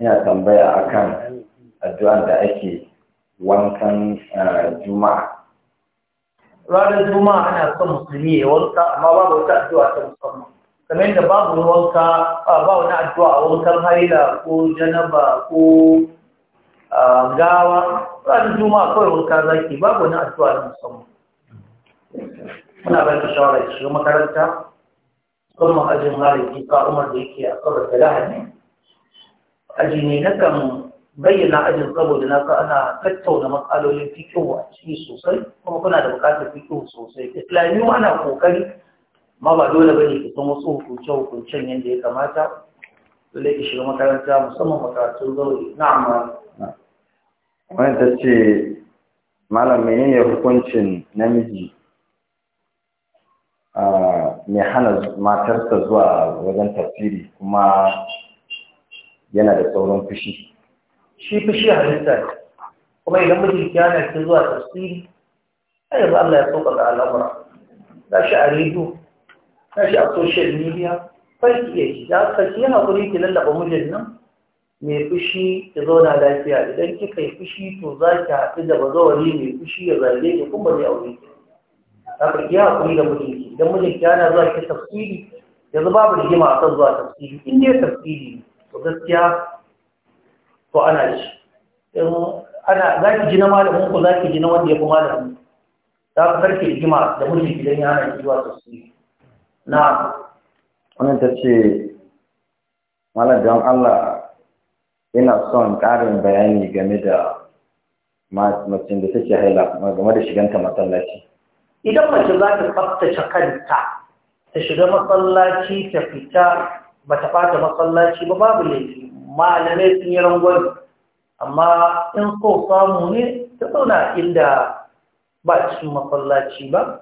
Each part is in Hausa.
ina tambaya akan addu'an da ake wankan eh, juma'a ranar juma'a ana son musulmi ya wanka amma babu wata addu'a ta musamman kamar yadda babu wanka ba wani addu'a a wankan haila ko janaba ko ah, gawa ranar juma'a kawai wanka zaki babu wani addu'a ta musamman muna ba ta shawara shiga makaranta musamman ajin maliki ka umar da yake a kawar da lahani aji ne na kan bayyana ajin saboda na ka ana tattauna matsalolin fikin a ciki sosai kuma kuna da bukatar fikin sosai islamiyu ana kokari ma ba dole bane ki san wasu hukunce hukuncen yadda ya kamata dole ki shiga makaranta musamman makarantun zauri amma. wani ta ce malam ne hukuncin namiji ah, mai hana matarsa zuwa wajen tafsiri kuma yana da sauran fushi shi fushi halitta ne kuma idan mijin na ke zuwa tafsiri a yanzu Allah ya sauka da al'amura ga shi a rediyo ga shi a social media kai ki iya shi da ka yana kuri ki lallaba mijin nan mai fushi ki zauna lafiya idan kika yi fushi to za ki haɗu da bazawari mai fushi ya zage ki kuma zai aure ki ka ki haƙuri da mijinki idan mijinki yana zuwa ki tafsiri yanzu babu rigima a kan zuwa tafsiri in dai tafsiri ne gaskiya to ana da shi ana za ki ji na malamin ku za ki ji na wanda ya fi malamin za ku karki rigima da mulki gidan yana jiwa sosai na wannan ta ce malam don Allah ina son ƙarin bayani game da macin da take haila game da shiganta masallaci idan mace za ta tsaftace kanta ta shiga masallaci ta fita ba ta ɓata masallaci ba babu laifi malamai sun yi rangon amma in so samu ne ta zauna inda ba cikin masallaci ba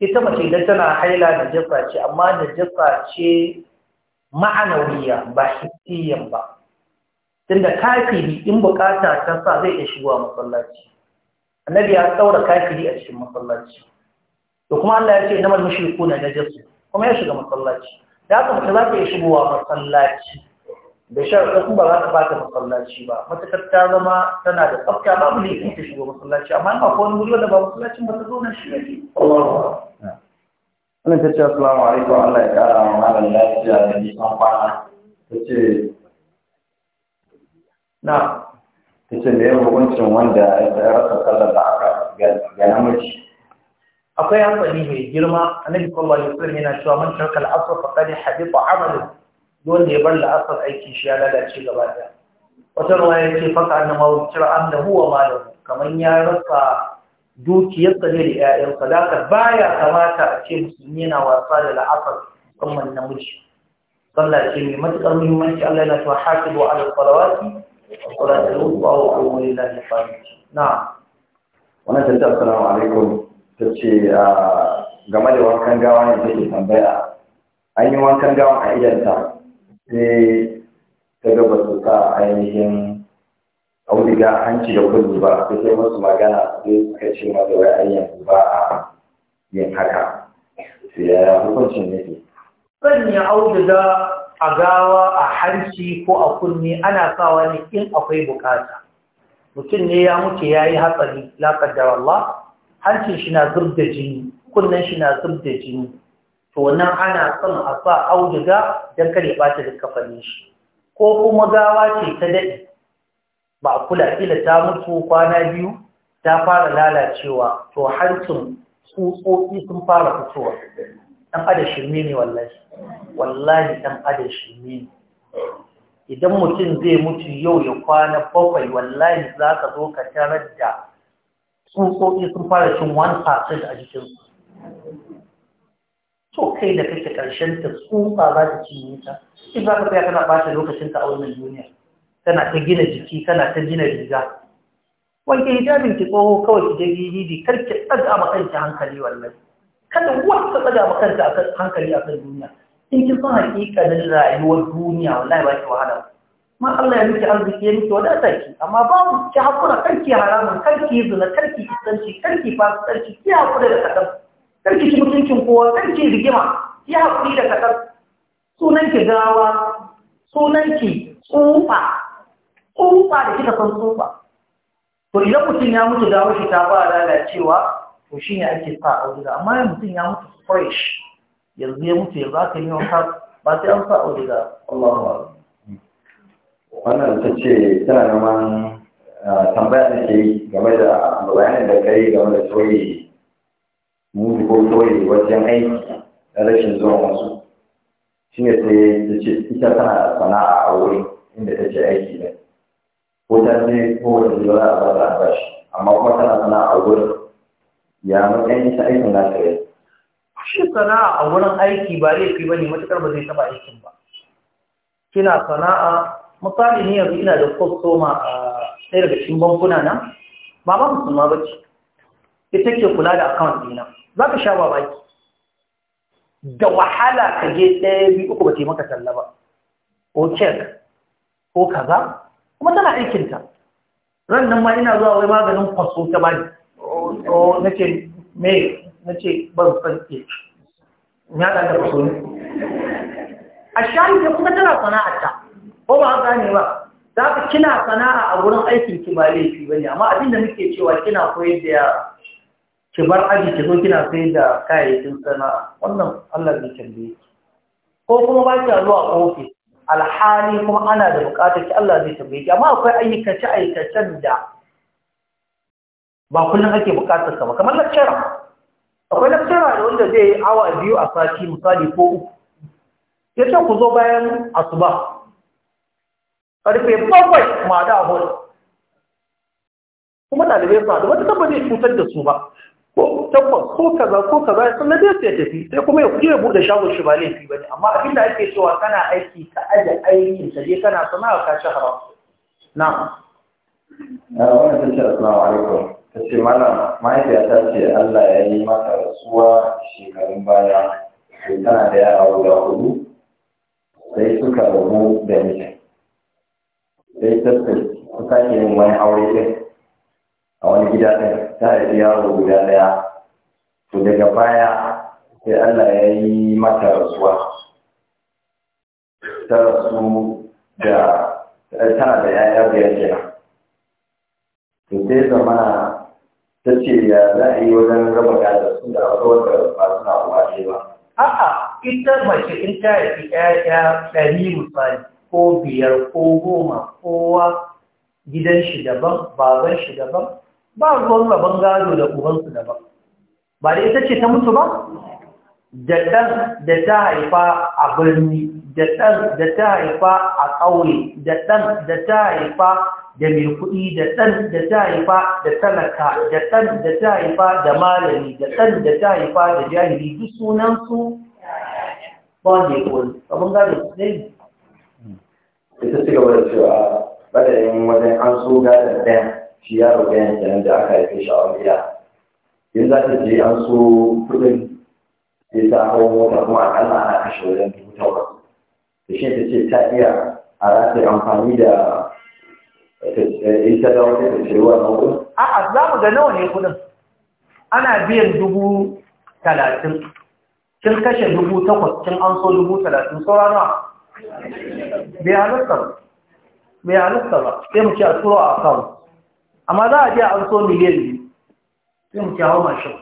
ita mace idan tana haila da jasa ce amma da jasa ce ma'anawiya ba hissiyan ba tunda kafiri in bukata ta sa zai iya shigowa masallaci annabi ya tsaura kafiri a cikin masallaci To kuma Allah ya ce na na najasu kuma ya shiga masallaci da haka mace za ta iya shigowa masallaci da shar in ba za ta bata masallaci ba matakar ta zama tana da tsafta babu ne ta shigo masallaci amma ba ko wani wuri wanda ba masallacin ba ta zauna shi yake Wani ta ce assalamu alaikum Allah ya kara wa malam lafiya da nisan kwana ta ce na ta ce me hukuncin wanda ya rasa kallon da aka ga namiji akwai hankali mai girma annabi sallallahu alaihi wasallam yana cewa man tarka al-asr faqad hadita amalu don da ya bar al-asr aikin shi ya lalace gaba daya wata ruwa ya ce, faka annama wucir annahu wa malahu kamar ya rasa dukiyar sa ne da ƴaƴan sadaka baya kamata a ce musulmi yana wasa da la'asar musamman namiji sallah ce mai matuƙar muhimmanci Allah yana cewa hafizu ala salawati wa salatul wusta wa umuri lillahi fa'id na wannan tantar salamu alaikum ta ce ah, game da wankan gawa ne take tambaya an yi wankan gawa a idanta sai ta gaba su sa ainihin auduga hanci da kudu ba sai sai masu magana sai suka ce masa wai an yanzu ba a yin haka sai ya hukuncin zan sanya auduga a gawa a hanci ko a kunne ana sawa ne in akwai bukata mutum ne ya mutu ya yi hatsari la kaddar Allah hancin shi na zub da jini kunnen shi na zub da jini to wannan ana son a sa auduga don kare bata da kafanin shi ko kuma gawa ce ta daɗe ba a kula kila ta mutu kwana biyu ta fara lalacewa to hancin tsutsotsi sun fara fitowa ɗan adam shirme ne wallahi wallahi ɗan adam shirme ne idan mutum zai mutu yau ya kwana bakwai wallahi za ka zo ka tarar da tsutsotsi sun fara cin 1% a su to kai da kake karshen ta tsutsa za ta cinye ta in za ka tsaya kana ɓata lokacin ta a duniya kana ta gina jiki kana ta gina riga wanke hijabin ki tsoho kawai ki je DVD kar ki tsaga ma kanki hankali wallahi kada wata tsaga ma hankali a kan duniya in kin san haƙiƙanin rayuwar duniya wallahi ba ki wahala ba. ma Allah ya miki arziki ya miki wadata ki amma ba mu ki hakura karki haramun karki zina karki kisanci karki fasikanci ki hakura da kadan karki ki mutuncin kowa karki rigima ki hakuri da kadan sunan ki gawa sunan ki tsufa tsufa da kika san tsufa to idan mutum ya mutu gawa shi ta ba lalacewa to shi ne ake sa a wuri amma mutum ya mutu fresh yanzu ya mutu yanzu aka yi wanka ba sai an sa wuri Allahu akbar wannan ta ce tana neman eh, tambaya da ke game da bayanin da kai game da soye mutu ko soye wajen aiki na rashin zuwa wasu shi ne ta ce ita tana sana'a a wuri inda ta ce aiki ne ko ta ce ko wata zuwa a ba albashi bashi amma kuma tana sana'a a wurin ya matsayin ta aikin na ta shi sana'a a wurin aiki ba laifi ba ne matuƙar ba zai taɓa aikin ba kina sana'a misali ne yanzu ina da kwastoma a ɗaya daga cikin bankuna na ba ma musulma ba ce ita ke kula da akawun dina za ka sha babaki da wahala ka je ɗaya biyu uku ba maka talla ba ko cek ko kaza kuma tana aikinta ran nan ma ina zuwa wai maganin kwaso ta bani na ce mai na ce ban san ke ya da kwaso ne a shayi ne kuma tana sana'arta ko ba gane ba za ka kina sana'a a wurin aikin ki ba laifi ba ne amma abin da muke cewa kina koyar da yara ki bar aji ki zo kina sayar da kayayyakin sana'a wannan Allah bai tambaye ki ko kuma ba ki zuwa ofis alhali kuma ana da buƙatar ki Allah zai tambaye ki amma akwai ayyukace ayyukacen da ba kullum ake buƙatar ka ba kamar lecturer akwai lecturer da wanda zai yi awa biyu a sati misali ko uku ya ce ku zo bayan asuba karfe bakwai ma da hol kuma ɗalibai ba da wata tabbata cutar da su ba ko tabbas ko kaza ko kaza ya ya tafi sai kuma ya kuje ya buɗe shagon shi ba laifi ba ne amma abin da ake cewa kana aiki ka aje aikin ka je kana sana'a ka ci haram na wannan ta ce assalamu alaikum ta ce mana mahaifiyata ce Allah ya yi mata rasuwa shekarun baya sai tana da yara guda hudu sai suka rabu da mijin sai tattal ta sake yin wani aure ɗin a wani gida ɗin ta haifi yaro guda ɗaya to daga baya sai Allah ya yi mata rasuwa ta rasu da tana da yaya da yake to sai zamana ta ce ya za a yi wajen raba gada sun da wata wata ba suna ce ba a'a ita mace in ta haifi 'ya'ya ɗari misali ko biyar ko goma kowa gidan shi daban baban shi daban ba ruwan rabon gado da ubansu daban ba da ita ce ta mutu ba da ɗan da ta haifa a birni da ɗan da ta haifa a ƙauye da ɗan da ta haifa da mai kuɗi da ɗan da ta haifa da talaka da ɗan da ta haifa da malami da ɗan da ta haifa da jahili duk sunansu ba ne kuwa abin gado su ne ita ci gaba da cewa badayin wajen an so gadon ɗan shi ya roƙe yin kenan da aka haife shi a wani gida in za ta je an so kuɗin ya ta hau mota kuma a akalla ana kashe wajen dubu takwas da shi ta ce ta iya a rasa amfani da eh, ita da wani ta ce wannan kuɗin a'a za mu ga nawa ne kuɗin ana biyan dubu talatin kin kashe dubu takwas kin an so dubu talatin saura nawa bai halatta ba bai halatta ba sai mu ci a turo a akawun amma za a je an so miliyan biyu sai mu ci hawa mashin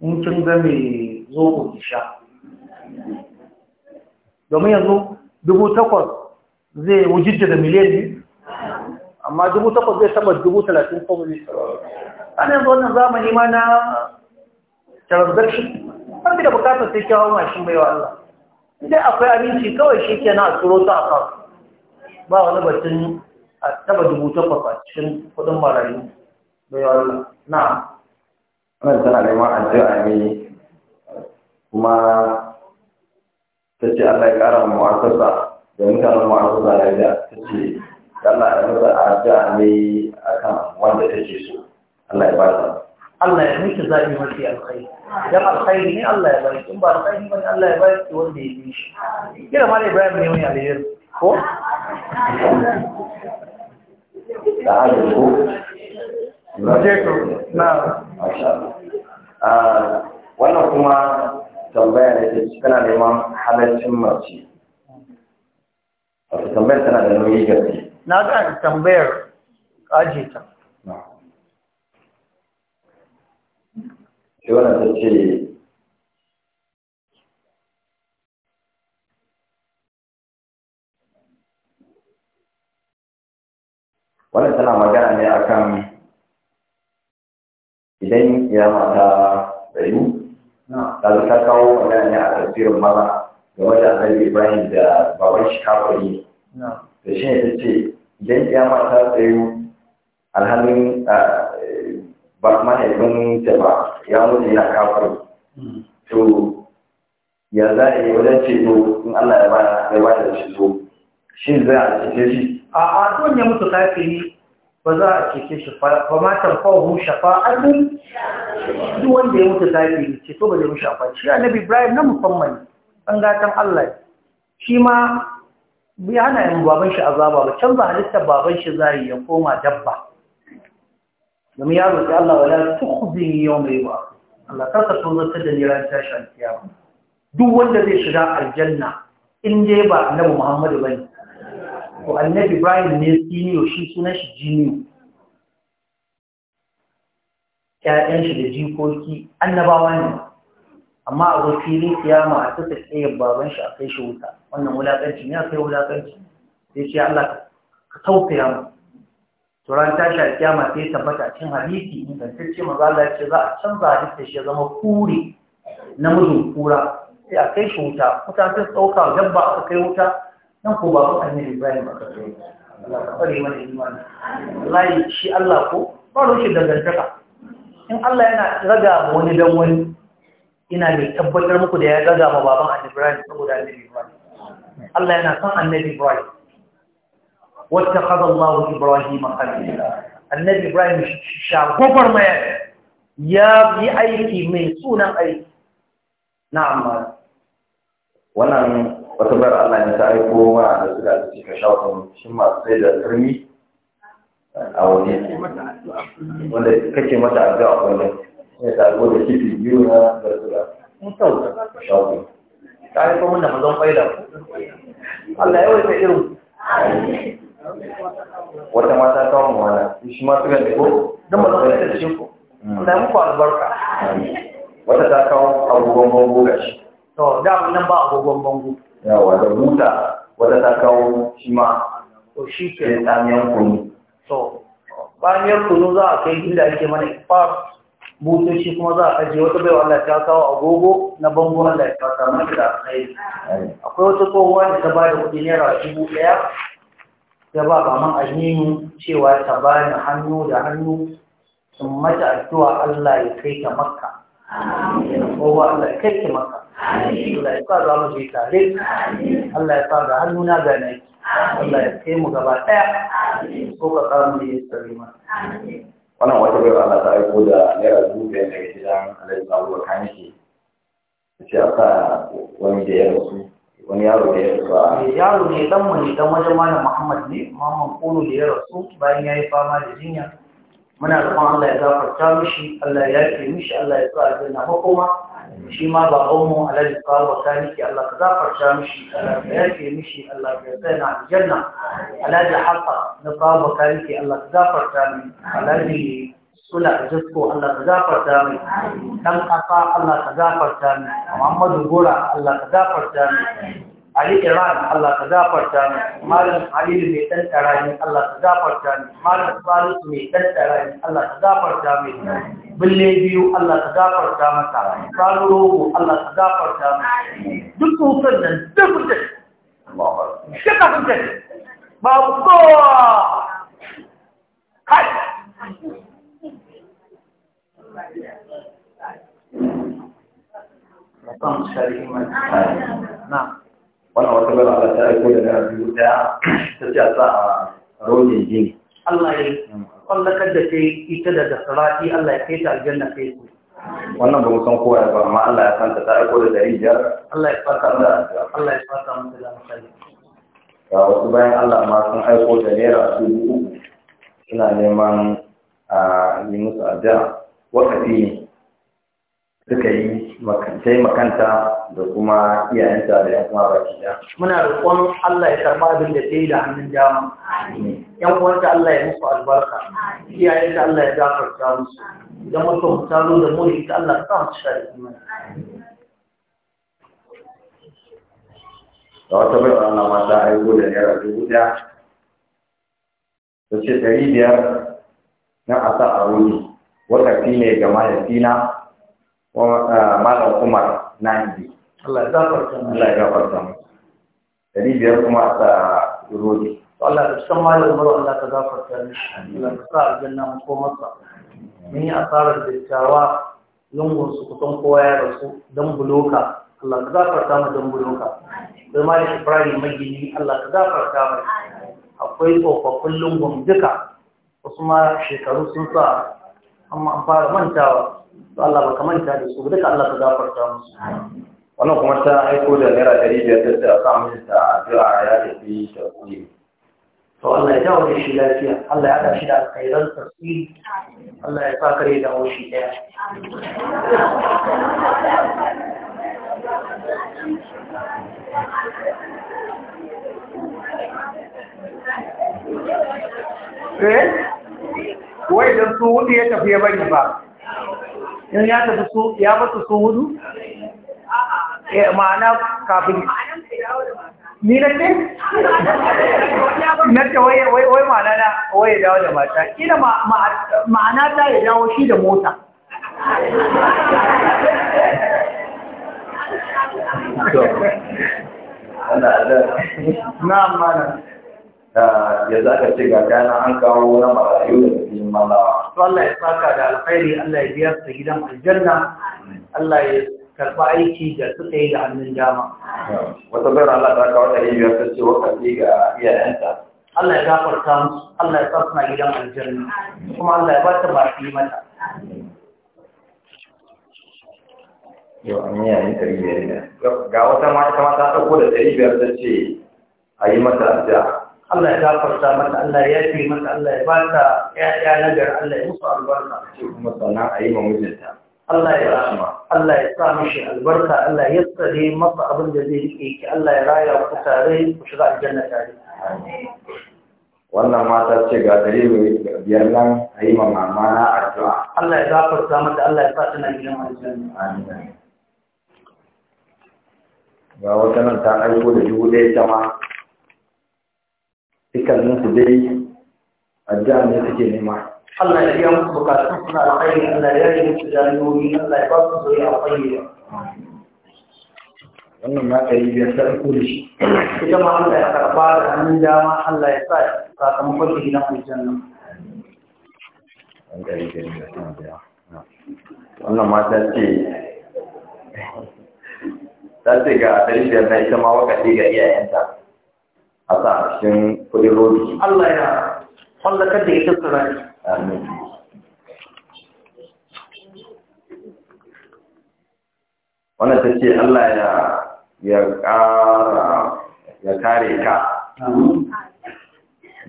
in kin ga mai zo ku sha domin yanzu dubu takwas zai wujidda da miliyan biyu amma dubu takwas zai taba dubu talatin ko zai ana yanzu wannan zamani ma na transaction har da bukatar sai kyawawan mashin bai wa Allah idan akwai abinci kawai shi ke na turo ta a ba wani batun a taba dubu takwas a cikin kudin marayu da yawon na wannan tana neman addu'a kuma ta ce Allah ya ƙara mu'asasa da mutanen mu'asasa na da ta ce Allah ya masa addu'a a akan wanda ce so Allah ya ba ta Allah ya miki zaɓi mafi alkhairi dan alkhairi ne Allah ya bari in ba alkhairi ba ne Allah ya bari ki wanda ya bi shi kira mala Ibrahim ne wani alheri ko da ko na wannan kuma tambaya ne ta tana neman halaccin mace wata tambayar tana da nauyi gaske na ga tambayar kaje ta sai wannan ta ce wannan tana magana ne akan idan kiyama ta tsayu ta zo ta kawo magana ne a tasirin maza game da annabi ibrahim da baban shi kafari da shi ne ta ce idan kiyama ta tsayu alhalin ba mahaifin ta ba ya mutu yana kafar to ya za a yi wajen ceto in Allah ya bada ya bada ceto shi za a cece shi a a don ya mutu kafiri ba za a cece shi ba ma tamfahu shafa'atun duk wanda ya mutu ce to ba zai mu shafa shi annabi Ibrahim na musamman an gatan Allah shi ma bai hana yin baban shi azaba ba canza halitta baban shi zai ya koma dabba domin ya roƙi Allah wala yau mai yub'ath Allah ta ka tozarta da ni ran tashi ba duk wanda zai shiga aljanna in je ba annabi Muhammadu ne. ko annabi Ibrahim ne siniyo shi sunan shi jiniyo Ya'yan shi da jikoki annabawa ne amma a zo filin kiyama a tuka tsayar baban shi a kai shi wuta wannan wulaƙanci ne a kai wulaƙanci sai ce Allah ka tausaya mu turan ran tashi alkiyama sai tabbata cikin hadisi ingantacce maza Allah ce za a canza hadisi shi zama kuri namijin kura sai a kai shi wuta wuta sai tsauka dabba aka kai wuta nan ko babu annabi Ibrahim aka kai Allah ka bari mana imani wallahi shi Allah ko ba roshi dangantaka in Allah yana raga ma wani dan wani ina mai tabbatar muku da ya raga ma baban annabi Ibrahim saboda annabi Ibrahim Allah yana son annabi Ibrahim واتخذ الله إبراهيم خليلا النبي إبراهيم شاكوبر ما يا بي أيكي من سونا أيكي نعم wannan wata bar Allah ne ta aiko mana da su da suke kashe wa shi sai da turmi a waje wanda kake mata addu'a a kullum sai ta aiko da kifi biyu na da su da ta aiko wata mata ta wani in shi ma suka ko don ba zai da shi ko da mm. muku albarka wata ta kawo agogon bango ga shi to da mun nan ba agogon bango yawa da buta wata ta kawo shi ma to shi ke tsamiyan kunu to tsamiyan kunu za a kai inda ake mana ifar butoci kuma za a ajiye wata bai wanda ta kawo agogo na bango wanda ya samu mana da akwai akwai wata tsohuwa da ta ba da kudi naira dubu ɗaya ya ba kaman aminu cewa ta bani hannu da hannu sun mata addu'a Allah ya kai ta makka ko ba Allah ya kai ta makka Allah ya sa za mu je tare Allah ya sa ga hannuna gane, Allah ya kai mu gaba ɗaya ko ka samu ne ya tsare mana wannan wata bai Allah ta aiko da naira dubu biyar daga gidan Alhaji Babu Kanki ta ce a sa wani da ya rasu wani yaro da ya rasu eh, yaro ne dan mu ne dan wajen malam Muhammad ne Muhammad Kono da ya rasu bayan ya yi fama da jinya muna roƙon Allah ya gafarta mishi Allah ya yafe mishi Allah ya sa aljanna makoma shi ma baban mu Alhaji Kawo Kaniki Allah ka gafarta mishi Allah ya yafe mishi Allah ya sa na aljanna Alhaji Hafsa na Kawo Kaniki Allah ka gafarta mishi Alhaji suna jisko Allah ka gafarta mai Ɗan ƙasa Allah ka gafarta mai Muhammadu Gora Allah ka gafarta mai Ali Iran Allah ka gafarta mu Malam Ali mai dan tarani Allah ka gafarta mu Malam Salisu mai dan tarani Allah ka gafarta mu Bille biyu Allah ka gafarta masa Salu Rogo Allah ka gafarta mu duk hukun nan duk da Allahu Akbar shaka hukun babu kowa kai Mutum shari'i mai na. Wannan wata gaba Allah ta aiko da na biyu da ta ce sa a rojin jini. Allah ya kwallakar da kai ita da dasarati Allah ya kai ta ba musan kowa ya ba amma ta aiko da dari biyar da wasu bayan Allah ma sun aiko da naira dubu suna neman a musu addu'a wakati suka yi taimakanta da kuma iyayenta da yan kuma baki da muna roƙon Allah ya karɓa abin da ta yi da hannun dama yan uwanta Allah ya musu albarka iyayenta Allah ya gafarta musu idan ta zo da mu ita Allah ta mu da kuma da wata bai wannan mata aiko da naira dubu ɗaya ta ce ɗari biyar na asa a wuni Wakati ne ga mahaifina malam kuma na nandi Allah ya gafarta Allah ya dari biyar kuma a rodi Allah ya san malam umar Allah ka gafarta mishi Allah ka sa aljanna mu ko masa mun yi asarar cewa lungun su kusan kowa ya rasu dan buloka Allah ka gafarta mu dan buloka sai malam Ibrahim magini Allah ka gafarta mu akwai tsofaffin lungun duka wasu ma shekaru sun sa amma an fara mantawa to Allah baka manta da su duka Allah ka gafarta musu wannan kuma ta aiko da naira ɗari biyar ta a sa mishi ta addu'a ya tafi kuɗi to Allah ya dawo da shi lafiya Allah ya haɗa da alkhairan tafsiri Allah ya sa kare da haushi ɗaya Eh? wai idan su hudu ya tafi ya bari ba in ya tafi su ya bata su hudu eh, ma'ana kafin ni na ce? na ce wai ma'ana na wai ya dawo da mata ina ma'ana ta ya dawo shi da mota na'am ma'ana Ah, ya za ka ce ga kayan an kawo na marayu da cikin malawa. To Allah ya saka da alkhairi Allah ya biya su gidan aljanna Allah ya karɓi aiki da su yi da hannun dama. Ah, wata bayar Allah ta kawo ɗari biyar ta ce wakati ga iyayenta. Allah ya gafarta musu Allah ya sassu na gidan aljanna kuma Allah ya ba ta baki mata. Yau an yi yayin ɗari biyar ne. Ga wata mata ta ɗauko da ɗari biyar ta ce a yi mata addu'a. Allah ya gafarta mata Allah ya fi mata Allah ya ba ta ya na gari Allah ya musu albarka ce kuma sannan a yi ma mijinta Allah ya rahama Allah ya sa mishi albarka Allah ya tsare masa abin da zai yi ki Allah ya raya ku tare ku shiga aljanna tare wannan mata ce ga mai biyar nan a yi ma mama na addu'a Allah ya gafarta mata Allah ya sa tana gidan aljanna amin ga wata nan ta aiko da dubu ɗaya ta ma dukkanin su dai addu'a ne suke nema Allah ya biya musu bukatun suna alkhairi Allah ya yi musu jami'o'i Allah ya ba su zuriya alkhairi wannan ma ka yi biyar ta ɗauko da shi ita ma Allah ya karɓa da hannun dama Allah ya sa sakamakon shi na aljanna wannan ma ta ce ta ce ga ɗari biyar na ita ma wakaci ga iyayenta a sa kudin rodi Allah ya wannan ta Allah ya ya kare ka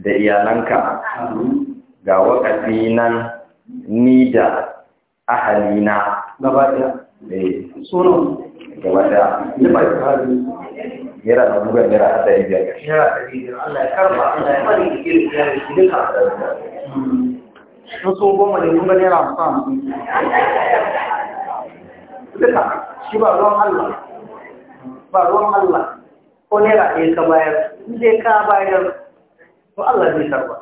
da iyalanka ga wakati nan ni da ahalina gaba ɗaya eh. yana da bugan yana da ɗari biyar gashi. Naira ɗari biyar Allah ya karba Allah ya bari da irin biyar da shi duka. Sun so goma ne kuma yana sa hamsin Duka shi ba ruwan Allah ba ruwan Allah ko nera ɗaya ka bayar in dai ka bayar to Allah zai karba.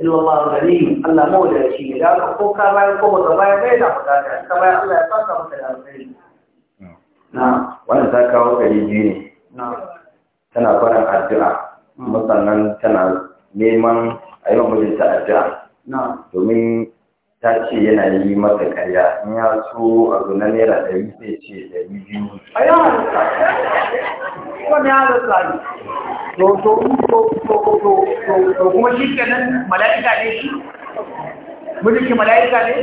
Illallah gani Allah da shi, da aka ko ka bayar ko ka bayar bai da bukata ka bayar Allah ya saka maka da alkhairi. Na wannan ta kawo ɗari biyu ne tana farin addu'a kuma tana neman a yi wa mijinta addu'a domin ta ce yana yi mata karya in ya so a na naira ɗari sai ce ɗari biyu a yawan ya ne to kuma shi mala'ika ne shi mulki mala'ika ne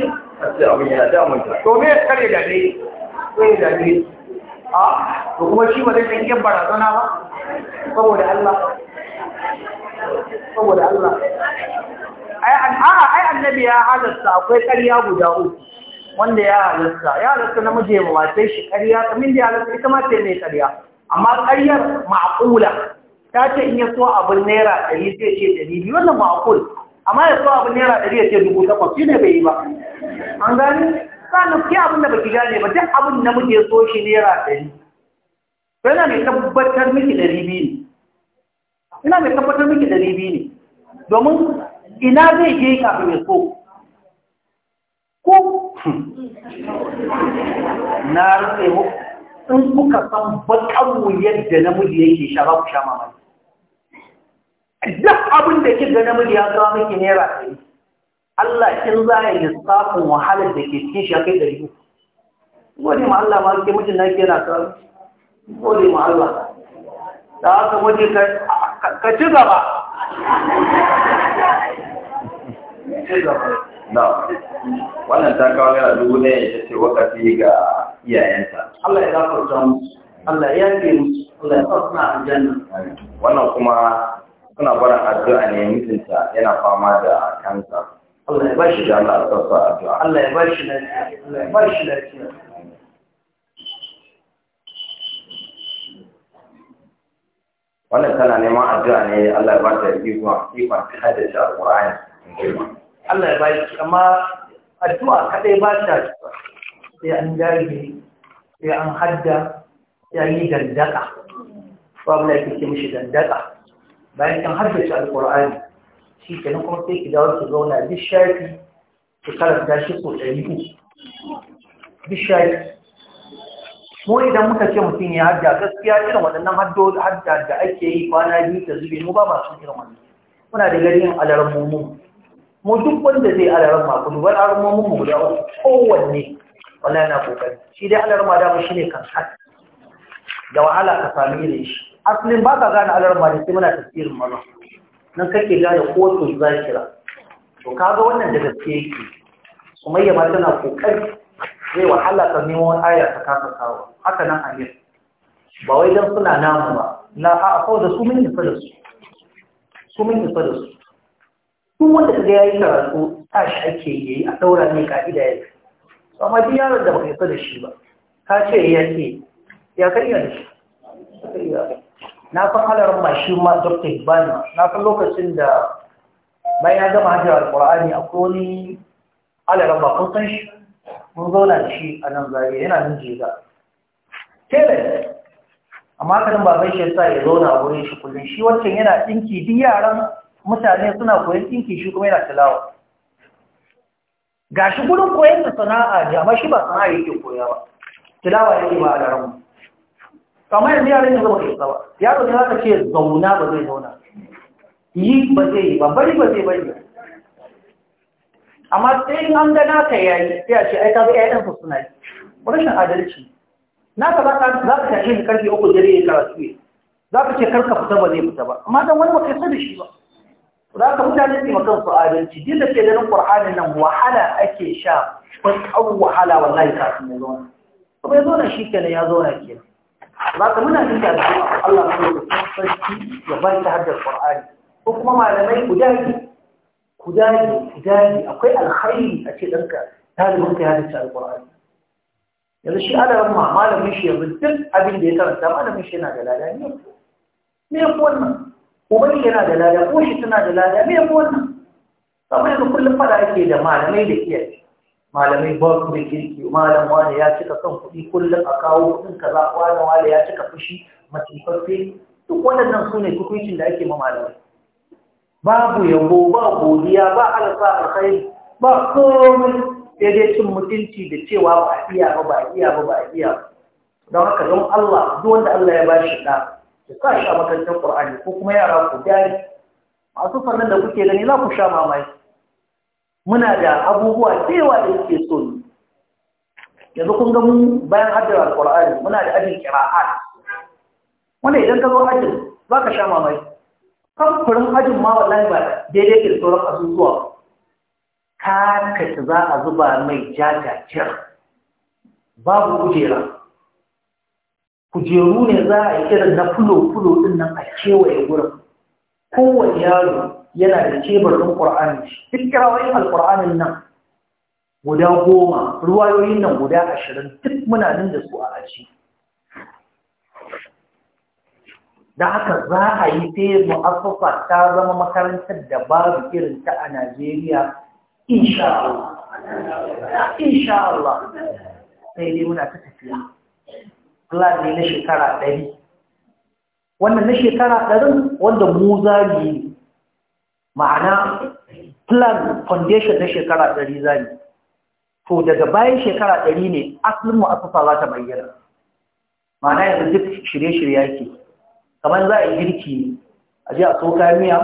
a ce abin ya damunta to me kare da ne kare da ne a to kuma shi ba zai san yin barazana ba saboda Allah saboda Allah ai annabi ya halasta akwai ƙarya guda uku wanda ya halasta ya halasta namiji ya sai shi ƙarya kamin da ya halasta ita ma sai mai ƙarya amma ƙaryar ma'akula ta ce in ya so abin naira ɗari zai ce ɗari biyu wannan ma'akul amma ya so abin naira ɗari ya ce dubu takwas shi ne bai yi ba an gani sannan ke abin da baki gane ba duk abin da muke so shi naira ɗari yana mai tabbatar miki ɗari biyu ne ina mai tabbatar miki ɗari biyu ne domin ina zai je kafin ya so ko na rufe mu in kuka san bakan wuyar da namiji yake sha ba ku sha mamaki duk abin da kika namiji ya zama miki naira ɗari Allah kin za a yi tsafin wahalar da ke cikin shafi da yi. Gode ma Allah ma ke mutum na ke na karu. Gode ma Allah. Da haka waje ka ci gaba. Na, wannan ta kawo yana dubu ne ya ce wakafi ga iyayenta. Allah ya zafarta musu, Allah ya ce musu, Allah ya sa suna aljanna. Wannan kuma suna barin addu'a ne mutunta yana fama da kansa. Allah ya ba shi da Allah a tsarsa a addu'a Allah ya ba shi lafiya Allah ya ba shi lafiya wannan tana neman addu'a ne Allah ya ba ta ikon ikon kada ta Qur'ani Allah ya ba shi amma addu'a kadai ba ta sai an dage sai an hadda sai an yi dandaka babu na yake mishi dandaka bayan kan haddace alƙur'ani shi kenan kuma sai ki dawo ki zauna duk shafi ki karanta shi so ɗari uku duk mu idan muka ce mutum ya hajja gaskiya irin waɗannan hajja da ake yi kwana biyu ta zube mu ba masu irin wannan muna da gari yin alaran mummun mu duk wanda zai alaran maku ku dubar alaran mummun mu guda uku kowanne wallahi yana kokari shi dai alaran ma dama ne kan hajji da wahala ka sami irin shi asalin ba ka gane alaran ma da sai muna tafiyar maza nan kake gane ko to za kira to kaga wannan da gaske yake sumayya ma tana kokari zai wahala ta nemo aya ta kasa kawo haka nan amir ba wai dan suna namu ba la a kawo da su mun isa da su su mun isa da su duk wanda kaga yayi karatu tashi ake yi a saura ne ka'ida ya fi amma duk yaron da baka isa da shi ba ka ce ya ce ya kai da shi na san alarin mashi shi ma dr ibrahim na san lokacin da bayan ya gama hajjar alkur'ani a koni alarin ba kun san shi mun zauna da shi a nan zariya yana nan jega tele amma kanin baban shi ya zauna a wurin shi kullum shi wancan yana dinki duk yaran mutane suna koyon dinki shi kuma yana tilawa ga shi gudun koyon da sana'a da amma shi ba sana'a yake koya ba tilawa yake ba a kamar yanzu yaran yanzu zama ka ba yaro ne za ce zauna ba zai zauna yi ba zai yi ba bari ba zai bari amma sai in an gana ka yayi sai a ce ai ka ga ƴaƴan su suna yi rashin adalci na ka za ka za ka tashi ni karfe uku dare ya karatu ne za ka ce karka fita ba zai fita ba amma dan wani ba kai sani shi ba za ka mutane su ma kansu adalci duk da ke ganin qur'anin nan wahala ake sha ko wahala wallahi kafin ya zauna bai zo na shi kenan ya zauna kenan ba ka muna jin da Allah ko da sarki ya ba ta haddar Qur'ani ko kuma malamai ku dage ku dage ku dage akwai alkhairi a ce danka talibin ka ya haddace alqur'ani yanzu shi ana ma malamin shi yanzu duk abin da ya karanta malamin shi yana da lada ne me yafi wannan ubangi yana da lada ko shi tana da lada me yafi wannan kamar yanzu kullum fada ake da malamai da iyaye malamai ba su da kirki malam wani ya cika son kuɗi kullum a kawo kuɗin za. a wani ya cika fushi matifaffe duk waɗannan su ne hukuncin da ake ma malamai babu yabo ba godiya ba alfa alkhairi ba komai sai dai cin mutunci da cewa ba a iya ba ba iya ba ba iya don haka don Allah duk wanda Allah ya bashi da ya sa shi a makarantar Qur'ani ko kuma yara ku dai masu fannin da kuke gani za ku sha mamaki muna da abubuwa cewa da suke so ne yanzu kun ga mun bayan haddara alƙur'ani muna da ajin kira'at wanda idan ka zo ajin ba ka sha mamaki kurin ajin ma wallahi ba daidai ke sauran asusuwa ka za a zuba mai jajajir babu kujera kujeru ne za a yi irin na fulo-fulo din nan a kewaye wurin kowane yaro yana da cebur ɗin ƙur'ani duk kirawoyin alƙur'anin nan guda goma ruwayoyin nan guda ashirin duk muna nan da su a aji da haka za a yi sai mu'assasa ta zama makarantar da babu irin ta a Najeriya insha Allah insha Allah sai dai muna ta tafiya plan ne na shekara ɗari wannan na shekara ɗarin wanda mu zagi ma'ana plan foundation na shekara ɗari ne, to daga bayan shekara ɗari ne asalin mu'assasa za ta bayyana ma'ana yanzu duk shirye-shirye yake kamar za a yi girki a ji a so kayan miya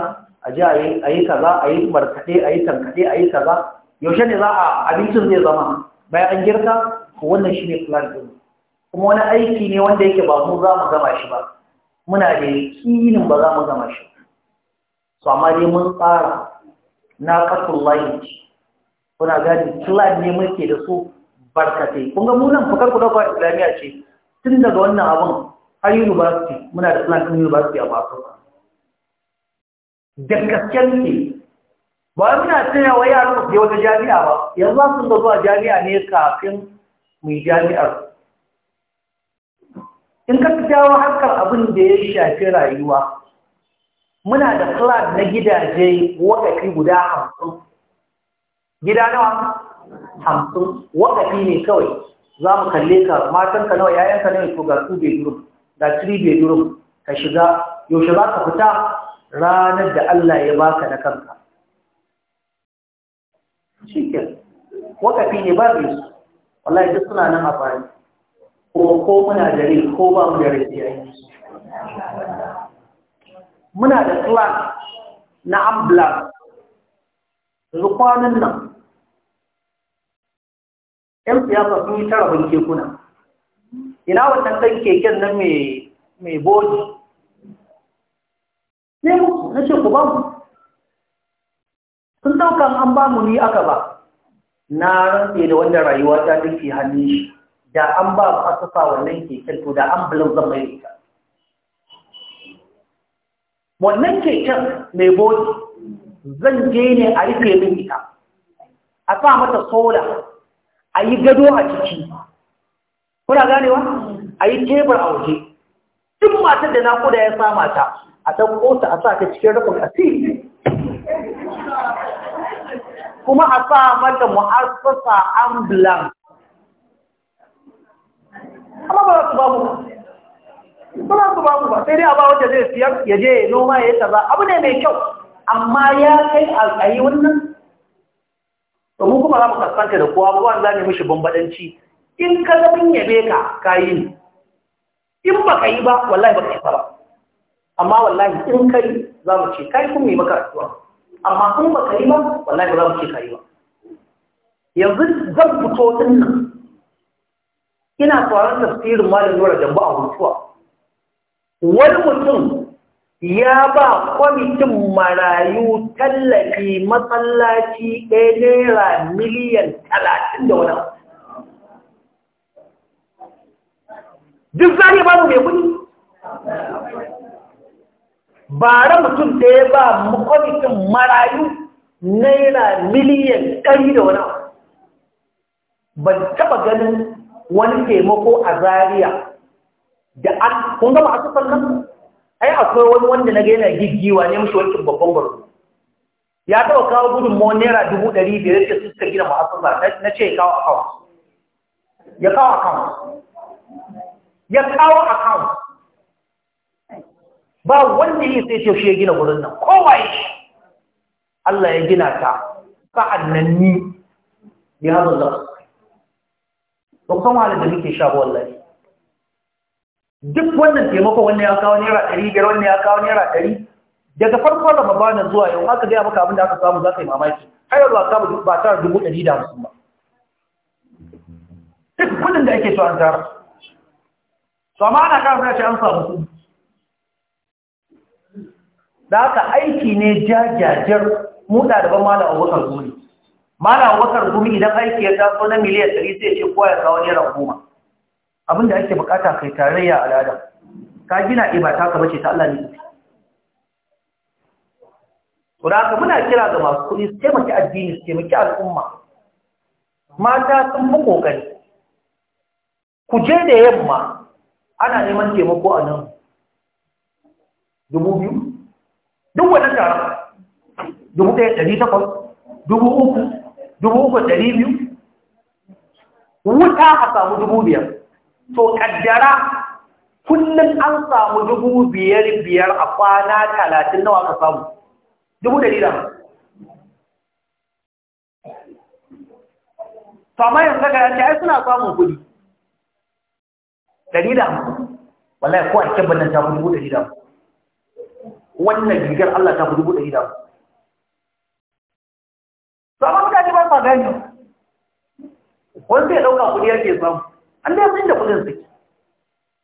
a ji a yi kaza a yi markaɗe a yi tankaɗe a yi kaza yaushe ne za a abincin zai zama bayan an girka ko wannan shi ne plan ɗin kuma wani aiki ne wanda yake ba mu za mu gama shi ba muna da yakinin ba za mu gama shi ba to amma dai mun tsara na kasul layi kuna gani Kila ne muke da su barkatai kun ga mu fakar ku dauka islamiyya ce tun daga wannan abun har university muna da plan din university a basu da gasken ne ba na tsaya wa yaran su je wata jami'a ba yanzu za su da zuwa jami'a ne kafin mu yi jami'ar in ka jawo harkar abin da ya shafi rayuwa muna da flat na gidaje wakafi guda hamsin gida nawa hamsin wakafi ne kawai za mu kalle ka matanka nawa yayanka nawa ko ga bai bedroom ga three bedroom ka shiga yaushe za ka fita ranar da Allah ya baka na kanka shi ke wakafi ne ba su wallahi duk suna nan a bayan ko muna da rai ko ba mu da rai sai muna da class na ambulance yanzu kwanan nan yan siyasa sun yi ta kekuna ina wannan kan keken nan mai bodi ne muku na ce ku ba mu sun daukan an ba mu ni aka ba na rantse da wanda rayuwa ta nufi hannun shi da an ba ba asusa wannan keken to da an bulan zan yi ta wannan keken mai bodi zan je ne a rufe min ita a sa mata sola a yi gado a ciki kuna ganewa a yi tebur a waje duk matar da na kuda ya sa mata a ɗan ta a sa ta cikin rufin asiri kuma a sa mata mu'assasa ambulance amma ba su ba mu ba su ba su ba sai dai abawa ba zai siyar ya je noma ya yi abu ne mai kyau amma ya kai alƙayi wannan to kuma za mu kasance da kowa ba za mu mishi bambadanci in ka zamin yabe ka kayi ne in ba ka yi ba wallahi ba ka yi ba amma wallahi in ka yi za mu ce kai kun mai maka rasuwa amma in ba ka yi ba wallahi ba za mu ce ka yi ba yanzu zan fito din nan ina tsoron tafsirin malin nura jamba a hutuwa wani mutum ya ba kwamitin marayu tallafi matsalaci ɗaya naira miliyan talatin da wani duk zane ba mu mai kudi bara mutum ɗaya ba kwamitin marayu naira miliyan ɗari da wani ban taɓa ganin wani taimako a zariya da an kun gama a sufan nan ai akwai wani wanda na gaina giggiwa ne mashi wancan babban gwaro ya taba kawo gudunmawar naira dubu ɗari biyar da suka gina ma'asusa na ce kawo account ya kawo account ya kawo account ba wanda yi sai ce shi ya gina gurin nan kowa ya ce Allah ya gina ta sa'an nan ni ya zo da ba san da muke sha ba wallahi duk wannan taimako wanda ya kawo naira ɗari biyar wanda ya kawo naira ɗari daga farkon ramadana zuwa yau haka gaya maka abin da aka samu za ka yi mamaki har yanzu aka samu ba tara dubu ɗari da hamsin ba duk kuɗin da ake so an tara su amma ana kawo sai an samu su da haka aiki ne jajajar mu ɗaliban malam abokan gumi malam abokan gumi idan aiki ya taso na miliyan ɗari sai ya ce kowa ya kawo naira goma abin da ake bukata kai tarayya al'ada ka gina ibata ka bace ta Allah ne to da ka muna kira ga masu kuɗi su taimaki addini su taimaki al'umma mata sun fi kokari ku je da yamma ana neman taimako a nan dubu biyu duk wannan tara? dubu ɗaya ɗari takwas dubu uku dubu uku ɗari biyu wuta a samu dubu biyar to kaddara kullum an samu dubu biyar biyar a kwana talatin nawa ka samu dubu da lira sama yanzu ga yanci ai suna samun kudi dalila da wallahi ko ake bannan ta dubu da da wannan rigar Allah ta dubu da da sama mutane ba sa gani wanda ya ɗauka kudi yake samu An da san da kudin suke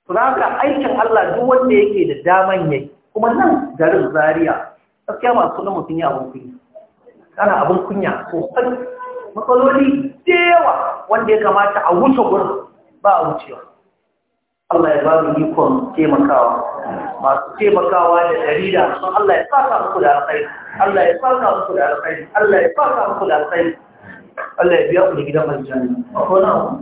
to da ka aikin Allah duk wanda yake da daman yayi kuma nan garin Zaria gaskiya masu sunan mutun ya abun kunya kana abun kunya ko sosai matsaloli da yawa wanda ya kamata a wuce gurin ba a wucewa Allah ya ba mu ikon taimakawa masu taimakawa da jarida. sun Allah ya saka muku da alkhairi Allah ya saka muku da alkhairi Allah ya saka muku da alkhairi Allah ya biya ku da gidan aljanna akwai na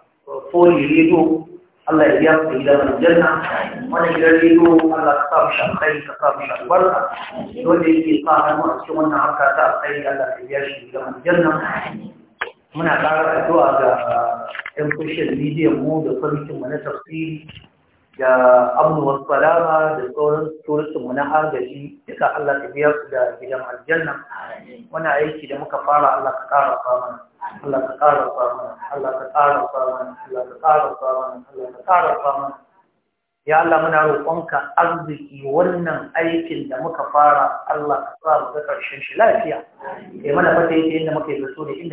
foli rediyo Allah ya biya ku gida mana janna wani gidan rediyo Allah ka sa mu shakai ka sa mu shabarka wanda yake sa hannu a cikin wannan harka ta alkhairi Allah ya biya shi gida mana janna muna ƙara addu'a ga 'yan social mu da kwamitin mu na tafsiri da amnu wasu salama da tsoron turistinmu na agaji duka Allah ta biya su da gidan aljanna wani aiki da muka fara Allah ka ƙara mana Allah ka ƙara mana Allah ka ƙara mana Allah ka ƙara samun Allah ka ƙara mana ya Allah muna roƙonka arziki wannan aikin da muka fara Allah ka sa mu ga ƙarshen shi lafiya kai mana fata yake inda muke da so da inda